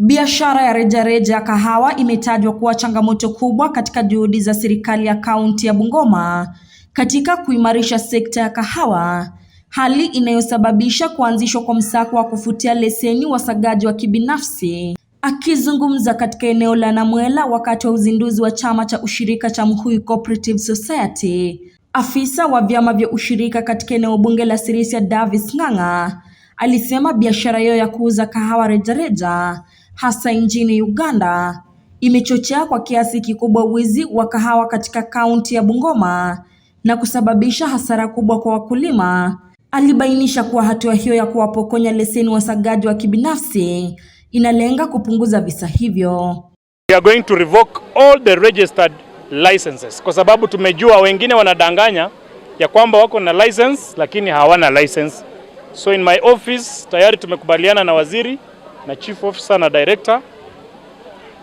Biashara ya rejareja ya kahawa imetajwa kuwa changamoto kubwa katika juhudi za serikali ya kaunti ya Bungoma katika kuimarisha sekta ya kahawa, hali inayosababisha kuanzishwa kwa msako wa kufutia leseni wasagaji wa kibinafsi. Akizungumza katika eneo la Namwela wakati wa uzinduzi wa chama cha ushirika cha Mhui Cooperative Society, afisa wa vyama vya ushirika katika eneo bunge la Sirisia Davis Ng'ang'a alisema biashara hiyo ya kuuza kahawa rejareja hasa nchini Uganda imechochea kwa kiasi kikubwa wizi wa kahawa katika kaunti ya Bungoma na kusababisha hasara kubwa kwa wakulima. Alibainisha kuwa hatua hiyo ya kuwapokonya leseni wasagaji wa kibinafsi inalenga kupunguza visa hivyo. We are going to revoke all the registered licenses kwa sababu tumejua wengine wanadanganya ya kwamba wako na license lakini hawana license. So in my office tayari tumekubaliana na waziri na chief officer na director.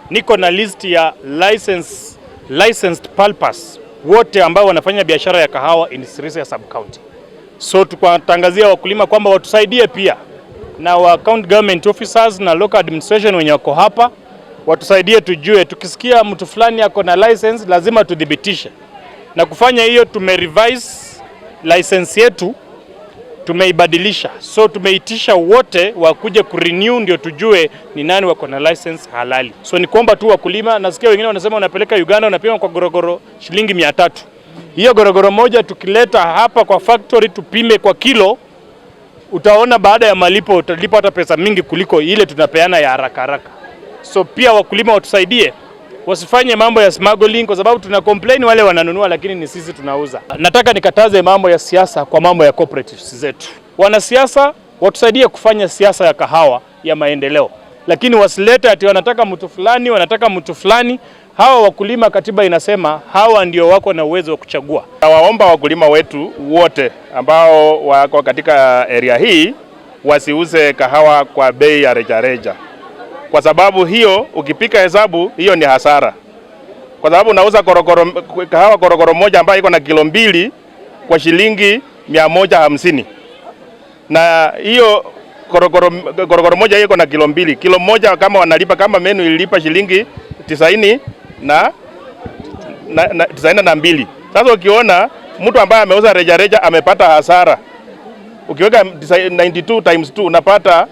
Niko na list ya license, licensed pulpers wote ambao wanafanya biashara ya kahawa in Sirisia sub county. So tukwatangazia wakulima kwamba watusaidie pia na wa county government officers na local administration wenye wako hapa watusaidie, tujue tukisikia mtu fulani ako na license lazima tudhibitishe, na kufanya hiyo tumerevise license yetu tumeibadilisha, so tumeitisha wote wakuje kurenew ndio tujue ni nani wako na license halali. So ni kuomba tu wakulima, nasikia wengine wanasema wanapeleka Uganda, wanapima kwa gorogoro shilingi mia tatu. Hiyo gorogoro moja tukileta hapa kwa factory tupime kwa kilo, utaona baada ya malipo utalipa hata pesa mingi kuliko ile tunapeana ya haraka haraka. So pia wakulima watusaidie wasifanye mambo ya smuggling, kwa sababu tuna complain wale wananunua, lakini ni sisi tunauza. Nataka nikataze mambo ya siasa kwa mambo ya cooperatives zetu. Wanasiasa watusaidie kufanya siasa ya kahawa ya maendeleo, lakini wasilete ati wanataka mtu fulani, wanataka mtu fulani. Hawa wakulima, katiba inasema hawa ndio wako na uwezo wa kuchagua. Nawaomba wakulima wetu wote ambao wako katika area hii wasiuze kahawa kwa bei ya rejareja kwa sababu hiyo ukipika hesabu hiyo ni hasara, kwa sababu unauza korokoro, kahawa korokoro moja ambayo iko na kilo mbili kwa shilingi mia moja hamsini na hiyo korokoro, korokoro moja iko na kilo mbili. Kilo moja kama wanalipa kama menu ililipa shilingi tisaini na, na, na, tisaini na mbili. Sasa ukiona mtu ambaye ameuza rejareja amepata hasara, ukiweka 92 times 2 unapata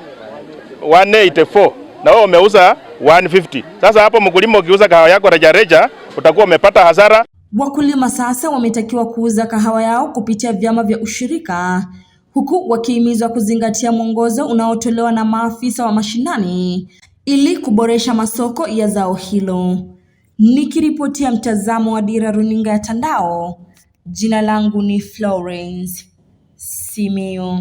184 na wewe umeuza 150. Sasa hapo mkulima ukiuza kahawa yako rejareja utakuwa umepata hasara. Wakulima sasa wametakiwa kuuza kahawa yao kupitia vyama vya ushirika huku wakihimizwa kuzingatia mwongozo unaotolewa na maafisa wa mashinani ili kuboresha masoko ya zao hilo. Nikiripotia mtazamo wa Dira Runinga ya Tandao, jina langu ni Florence Simeo.